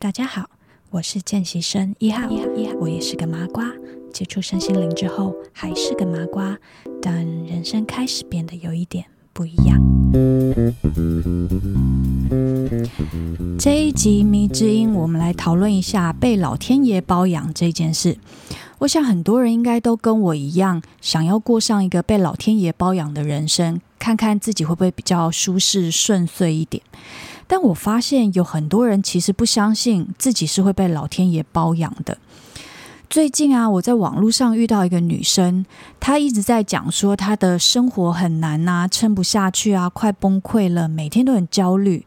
大家好，我是見習生一號一號一號，一號一號，我也是個麻瓜。接觸身心靈之後，還是個麻瓜，但人生開始變得有一點不一樣。這一集謎之音，我們來討論一下被老天爺包養這件事。我想很多人應該都跟我一樣，想要過上一個被老天爺包養的人生，看看自己會不會比較舒適順遂一點。但我發現有很多人其實不相信自己是會被老天爺包養的。最近啊，我在網絡上遇到一個女生，她一直在講說她的生活很難啊，撐不下去啊，快崩潰了，每天都很焦慮。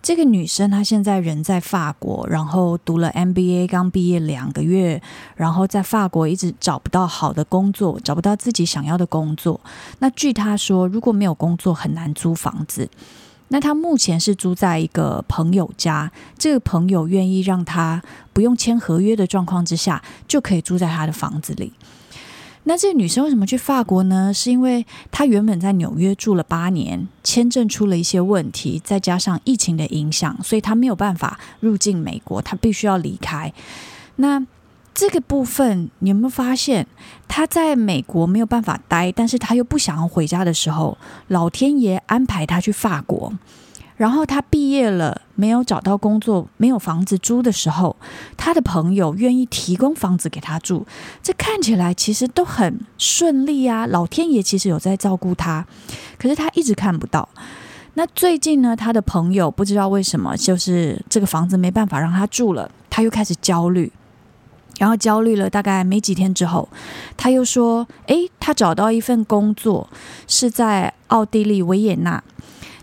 這個女生她現在人在法國，然後讀了 MBA，剛畢業兩個月，然後在法國一直找不到好的工作，找不到自己想要的工作。那據她說，如果沒有工作，很難租房子。那他目前是租在一個朋友家，這個朋友願意讓他不用簽合約的狀況之下，就可以住在他的房子裡。那這個女生為什麼去法國呢？是因為她原本在紐約住了八年，簽證出了一些問題，再加上疫情的影響，所以她沒有辦法入境美國，她必須要離開。那這個部分你有沒有發現，他在美國沒有辦法待，但是他又不想要回家的時候，老天爺安排他去法國，然後他畢業了，沒有找到工作，沒有房子租的時候，他的朋友願意提供房子給他住，這看起來其實都很順利啊，老天爺其實有在照顧他，可是他一直看不到。那最近呢，他的朋友不知道為什麼，就是這個房子沒辦法讓他住了，他又開始焦慮。然後焦慮了大概沒幾天之後，他又說：“誒，他找到一份工作，是在奧地利維也納。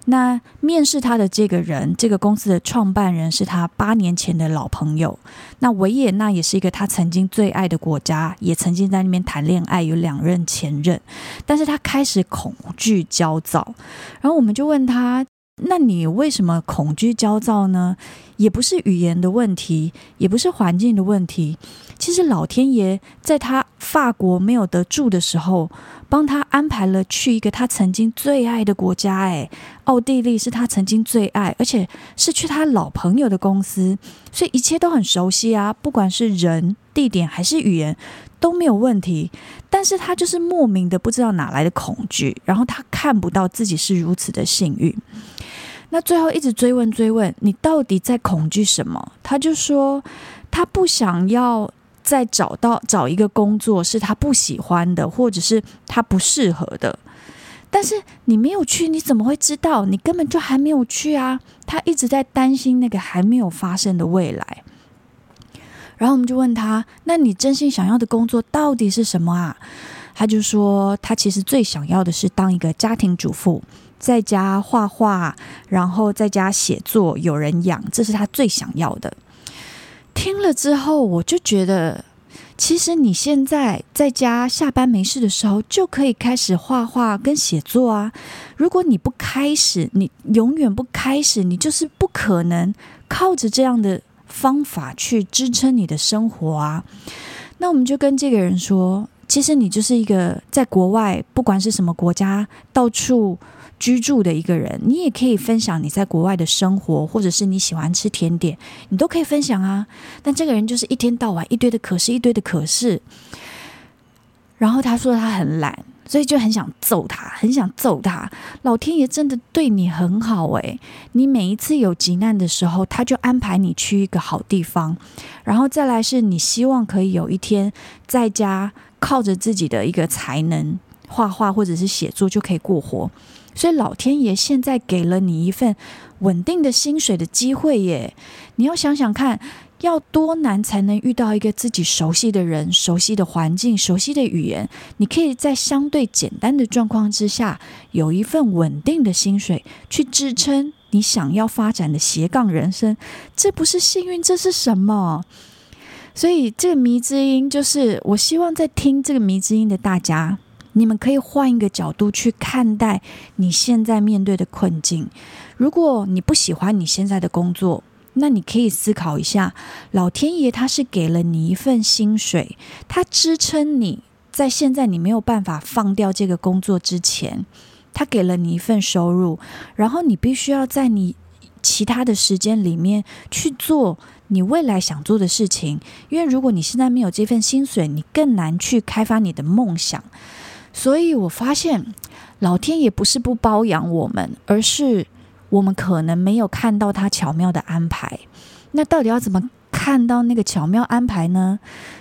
那面試他的這個人，這個公司的創辦人是他八年前的老朋友。那維也納也是一個他曾經最愛的國家，也曾經在那邊談戀愛，有兩任前任。但是他開始恐懼焦躁。然後我們就問他。”那你為什麼恐懼焦躁呢？也不是語言的問題，也不是環境的問題。其實老天爺在他法國沒有得住的時候，幫他安排了去一個他曾經最愛的國家，欸，哎，奧地利是他曾經最愛，而且是去他老朋友的公司，所以一切都很熟悉啊，不管是人、地點還是語言都沒有問題。但是他就是莫名的不知道哪來的恐懼，然後他看不到自己是如此的幸運。那最後一直追問追問，你到底在恐懼什麼？他就說，他不想要再找到找一個工作是他不喜歡的，或者是他不適合的。但是你沒有去，你怎麼會知道？你根本就還沒有去啊！他一直在擔心那個還沒有發生的未來。然後我們就問他，那你真心想要的工作到底是什麼啊？他就說，他其實最想要的是當一個家庭主婦。在家畫畫，然後在家寫作，有人養，這是他最想要的。聽了之後，我就覺得，其實你現在在家下班沒事的時候，就可以開始畫畫跟寫作啊。如果你不開始，你永遠不開始，你就是不可能靠着這樣的方法去支撐你的生活啊。那我們就跟這個人說。其實你就是一個在國外，不管是什麼國家，到處居住的一個人，你也可以分享你在國外的生活，或者是你喜歡吃甜點，你都可以分享啊。但這個人就是一天到晚一堆的可是，一堆的可是，然後他說他很懶。所以就很想揍他，很想揍他。老天爺真的對你很好誒、欸，你每一次有急難的時候，他就安排你去一個好地方，然後再來是你希望可以有一天在家靠着自己的一個才能畫畫或者是寫作就可以過活。所以老天爺現在給了你一份穩定的薪水的機會耶、欸，你要想想看。要多難才能遇到一個自己熟悉的人、熟悉的環境、熟悉的語言？你可以在相對簡單的狀況之下，有一份穩定的薪水去支撐你想要發展的斜槓人生。這不是幸運，這是什麼？所以這個謎之音就是，我希望在聽這個謎之音的大家，你們可以換一個角度去看待你現在面對的困境。如果你不喜歡你現在的工作，那你可以思考一下，老天爺他是給了你一份薪水，他支撐你在現在你沒有辦法放掉這個工作之前，他給了你一份收入，然後你必須要在你其他的時間裡面去做你未來想做的事情，因為如果你現在沒有這份薪水，你更難去開發你的夢想。所以我發現，老天爺不是不包養我們，而是。我們可能沒有看到他巧妙的安排，那到底要怎麼看到那個巧妙安排呢？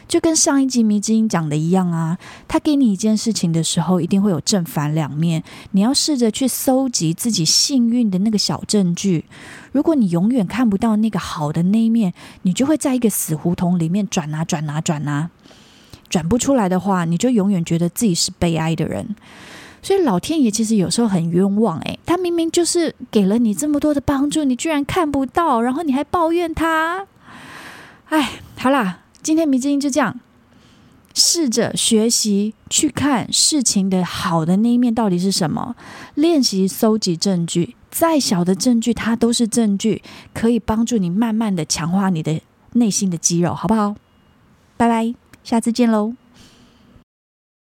就跟上一集謎之音講的一樣啊，他給你一件事情的時候，一定會有正反兩面，你要試着去蒐集自己幸運的那個小證據。如果你永遠看不到那個好的那一面，你就會在一個死胡同裡面轉啊轉啊轉啊，轉不出來的話，你就永遠覺得自己是悲哀的人。所以老天爺其實有時候很冤枉哎、欸，他明明就是給了你這麼多的幫助，你居然看不到，然後你還抱怨他。哎，好啦，今天謎之音就這樣，試着學習去看事情的好的那一面到底是什麼，練習蒐集證據，再小的證據它都是證據，可以幫助你慢慢的強化你的內心的肌肉，好不好？拜拜，下次見嘍。